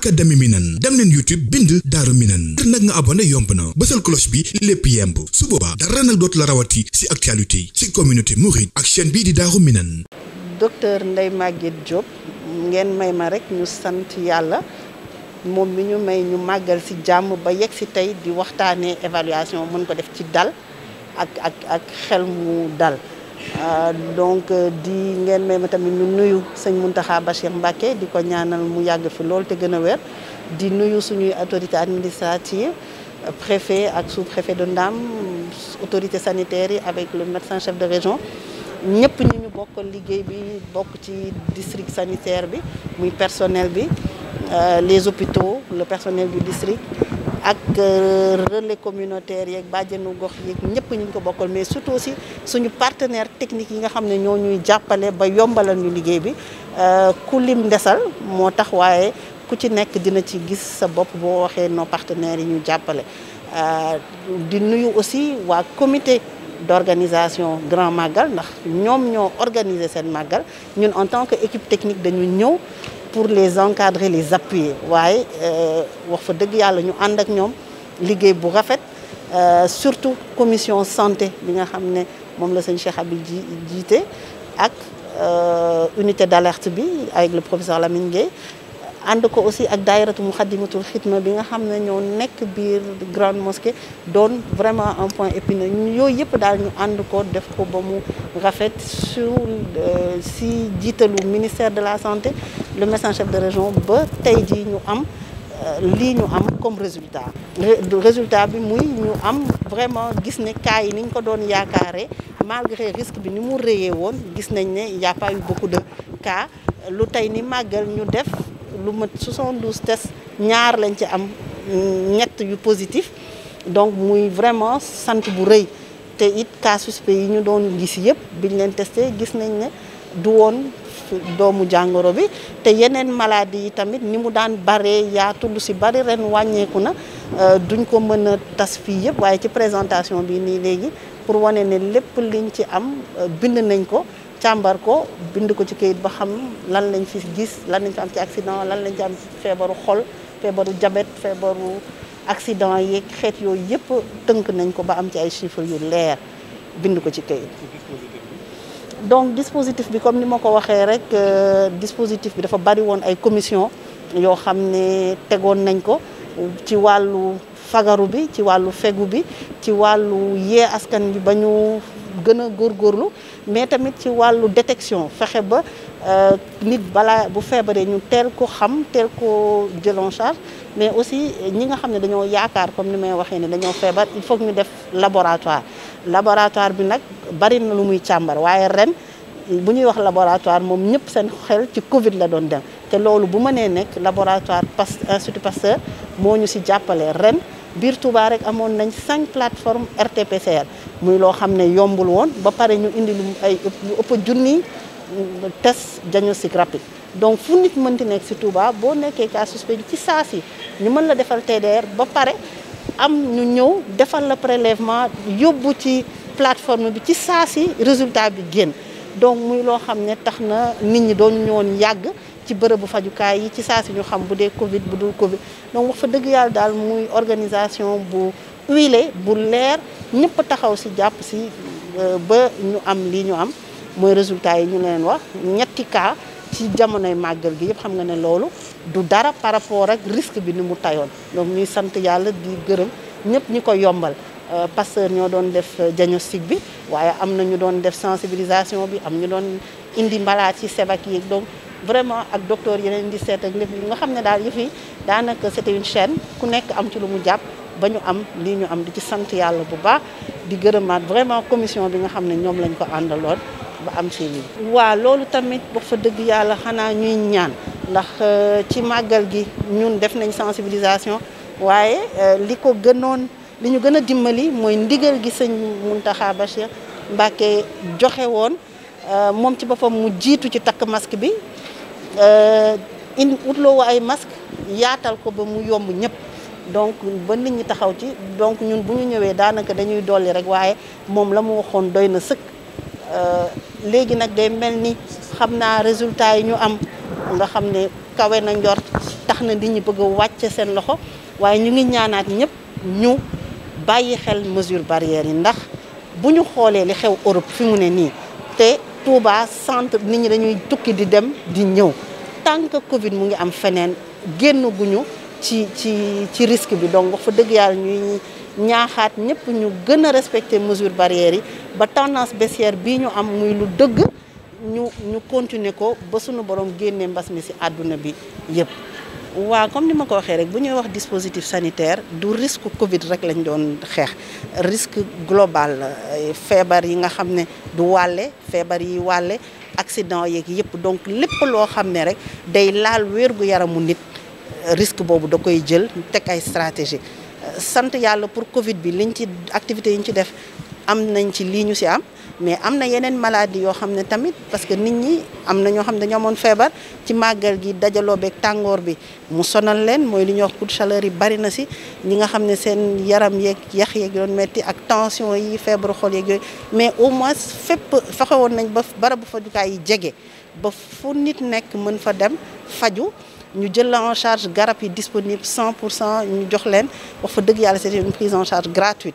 académie Minane dem leen youtube bind Daaru Minane ngir nag nga abonné yomb na bësal cloche bi lépp yemb su boobaa dara nag dootu la rawati ci actualité ci communauté mouride ak chaîne bii di Daaru Minane docteur Ndeye Maguette Diop ngeen may ma rek ñu sant yàlla moom mi ñu may ñu màggal ci jàmm ba yegg ci tey di waxtaanee évaluation mën ko def ci dal ak ak ak xel mu dal Euh, donc euh, di ngeen may ma tamit ñu nuyu sëñ Mountakha Bachir Mbacké di ko ñaanal mu yàgg fi lool te gën a wér di nuyu suñuy autorité administrative préfet ak sous-préfet de Ndam autorité sanitaire yi avec le médecin chef de région ñëpp ñu ñu bokk liggéey bi bokk ci district sanitaire bi muy personnel bi euh, les hôpitaux le personnel du district ak euh, relais communautaire yeeg bàjjenu gox yeeg ñëpp ñu ko bokkal mais surtout aussi suñu partenaire technique yi nga xam ne ñoo ñuy jàppale ba yombalal ñu liggéey bi euh, ku lim ndesal moo tax waaye ku ci nekk dina ci gis sa bopp boo waxee no partenaires yi ñu jàppale euh, di nuyu aussi waa comité d'organisation Grand màggal ndax ñoom ñoo organiser seen màggal ñun en tant que équipe technique dañu ñëw pour les encadrer les appuyer waaye euh, wax fa dëgg yàlla ñu ànd ak ñoom liggéey bu rafet euh, surtout commission santé li nga xam ne moom la sëñ Cheikh Abi ji jiite ak euh, unité d'alerte bi avec le professeur Lamine Gueye ànd ko aussi ak daayiratu Muxaddamatul Xidma bi nga xam ne ñoo nekk biir grande mosquée doon vraiment un point épineux yooyu yëpp daal ñu ànd ko def ko ba mu rafet sur euh, si jiitalu ministère de la santé le médecin chef de région ba tey jii ñu am euh, lii ñu am comme résultat résultat bi muy ñu am vraiment gis ne kaa yi ni ñu ko doon yaakaare malgré risque bi ni mu réyee woon gis nañ ne y a pas eu beaucoup de cas lu tey ni màggal ñu def lu mat 72 tests ñaar lañ ci am ñett yu positif donc muy vraiment sant bu rëy te it cas suspect yi ñu doon gis yëpp biñ leen testé gis nañ ne du woon doomu jàngoro bi te yeneen maladie yi tamit ni mu daan baree yaatu lu si bari ren wàññeeku na euh, duñ ko mën a tas fii yëpp waaye ci présentation bi nii léegi pour wane ne lépp liñ ci am euh, bind nañ ko càmbar ko bind ko ci kayit ba xam lan lañ fi gis lan lañ fi am ci accident lan lañ ci am feebaru xol feebaru jabet feebaru accident yeeg xeet yooyu yëpp tënk nañ ko ba am ci ay chiffres yu leer bind ko ci kayit donc dispositif bi comme ni ma ko waxee rek euh, dispositif bi dafa bari woon ay commission yoo xam ne tegoon nañ ko ci wàllu fagaru bi ci wàllu fegu bi ci wàllu yee askan bi ba gën a góorlu mais tamit ci wàllu détection fexe ba euh, nit balaa bu feebaree ñu teel ko xam teel ko jël en charge mais aussi ñi nga xam ne dañoo yaakaar comme ni may waxee ne dañoo feebar il faut ñu def laboratoire laboratoire bi nag bari na lu muy càmbar waaye ren bu ñuy wax laboratoire moom ñëpp seen xel ci Covid la doon dem te loolu bu mënee nekk laboratoire Pas Institut Pasteur moo ñu si jàppale ren biir Touba rek amoon nañ cinq plateformes RTPCR muy loo xam ne yombul woon ba pare ñu indi lu ay lu ëpp a junni test si rapide donc fu nit mënti nekk si Touba boo nekkee cas suspect bi ci saa si ñu mën la defal TDR ba pare am ñu ñëw defal la prélèvement yóbbu ci plateforme bi ci saa si résultat bi génn donc muy loo xam ne tax na nit ñi doon ñëwoon yàgg ci bërëbu fajukaay yi ci saa si ñu xam bu dee Covid bu dul Covid donc wax fa dëgg yàlla daal muy organisation bu huilé bu leer ñëpp taxaw si jàpp si euh, ba ñu am lii ñu am mooy résultat yi ñu leen wax ñetti kaa ci jamonoy màggal gi yëpp xam nga ne loolu du dara par rapport ak risque bi ni mu tayoon donc ñuy sant yàlla di gërëm ñëpp ñi ko yombal euh, pasteur ñoo doon def euh, diagnostic bi waaye am na ñu doon def sensibilisation bi am ñu doon indi mbalaat ci sebak yi donc vraiment ak docteur yeneen leen di seet ak lépp yi nga xam ne daal yëf yi daanaka c'était une chaîne ku nekk am ci lu mu jàpp ba ñu am lii ñu am di ci sant yàlla bu baax di gërëmaat vraiment commission bi nga xam ne ñoom lañ ko àndaloon ba am si lii. waa loolu tamit ba fa dëgg yàlla xanaa ñuy ñaan ndax euh, ci màggal gi ñun def nañ sensibilisation waaye euh, li ko gënoon li ñu gën a dimbali mooy ndigal gi sëñ Mountakha Bachir Mbacké joxe woon euh, moom ci boppam mu jiitu ci takk masque bi. Euh, indi utloowu ay masque yaatal ko ba mu yomb ñëpp donc ba nit ñi taxaw ci donc ñun bu ñu ñëwee daanaka dañuy dolli rek waaye moom la mu waxoon doy na sëkk euh, léegi nag day mel ni xam naa résultat yi ñu am nga xam ne kawe na njort tax na nit ñi bëgg wàcce seen loxo waaye ñu ngi ñaanaat ñëpp ñu bàyyi xel mesure barrière yi ndax bu ñu xoolee li xew Europe fi mu ne nii te Touba centre nit ñi dañuy tukki di dem di ñëw tant que Covid mu ngi am feneen génn guñu ci ci ci risque bi donc wax fa dëgg yàlla ñuy ñaaxaat ñëpp ñu gën a respecter mesures barrières yi ba tendance baissière bii ñu am muy lu dëgg ñu ñu continuer ko ba sunu borom génnee mbas mi si àdduna bi yëpp waaw comme ni ma ko waxee rek bu ñuy wax dispositif sanitaire du risque Covid rek lañ doon xeex risque global feebar yi nga xam ne du wàlle feebar yi wàlle accident yeeg yëpp donc lépp loo xam ne rek day laal wérgu yaramu nit risque boobu da koy jël teg ay stratégie euh, sant yàlla pour Covid bi liñ ci activités yi ñu ci def am nañ ci lii ñu si am mais am na yeneen maladie yoo xam ne tamit parce que nit ñi am na ñoo xam ne dañoo amoon feebar ci màggal gi dajaloo beeg tàngoor bi mu sonal leen mooy li ñuy wax coup yi bari na si ñi xam ne seen yaram yeeg yax yeeg yoon metti ak tension yi feebaru xol yeeg yooyu mais au moins fépp fexe nañ ba barabu fajukaay yi jege ba fu nit nekk mën fa dem faju ñu jël en charge garab yi disponible cent pour cent ñu jox leen wax fa dëgg yàlla c'est une prise en charge gratuite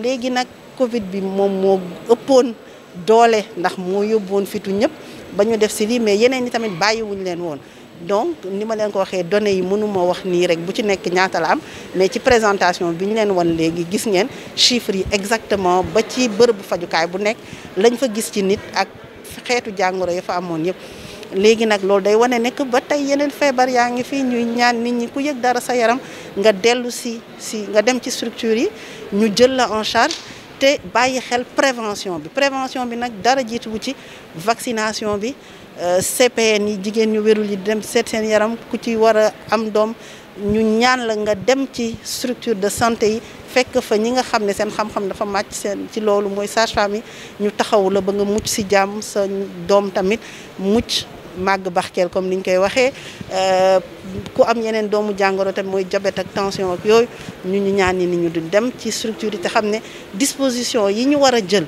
léegi nag Covid bi moom moo ëppoon doole ndax moo yóbboon fitu ñëpp ba ñu def si lii mais yeneen yi tamit bàyyiwuñ leen woon donc ni ma leen ko waxee donné yi mënuma wax nii rek bu ci nekk ñaata la am mais ci présentation bi ñu leen wan léegi gis ngeen chiffres yi exactement ba ci bërëbu fajukaay bu nekk lañ fa gis ci nit ak xeetu jàngoro ya fa amoon yëpp. léegi nag loolu day wane nekk ba tey yeneen feebar yaa ngi fi ñuy ñaan nit ñi ku yëg dara sa yaram. nga dellu si si nga dem ci structure yi ñu jël la en charge te bàyyi xel prévention bi prévention bi nag dara jiituwu ci vaccination bi euh, CPN yi jigéen ñu wérul yi dem seet seen yaram ku ci war a am doom ñu ñaan la nga dem ci structure de santé yi fekk fa ñi nga xam ne seen xam-xam dafa màcc seen ci loolu mooy sage-femme yi ñu taxawu la ba nga mucc si jàmm sa doom tamit mucc màgg baxkeel comme ni ñu koy waxee euh, ku am yeneen doomu jàngoro tamit mooy jabet ak tension ak yooyu ñu ñu ñaan ni ñu duñ dem ci structure yi te xam ne disposition yi ñu war a jël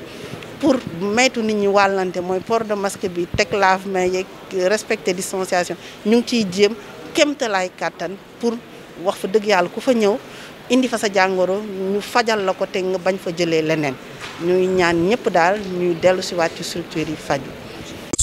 pour maytu nit ñu wàllante mooy port de masque bi teg lave-mains yeeg respecter distanciation ñu ngi ciy jéem kéemtalaay kàttan pour wax fa dëgg yàlla ku fa ñëw indi fa sa jàngoro ñu fajal la ko te nga bañ fa jëlee leneen ñuy ñaan ñëpp daal ñuy dellu si waat ci structure yi faju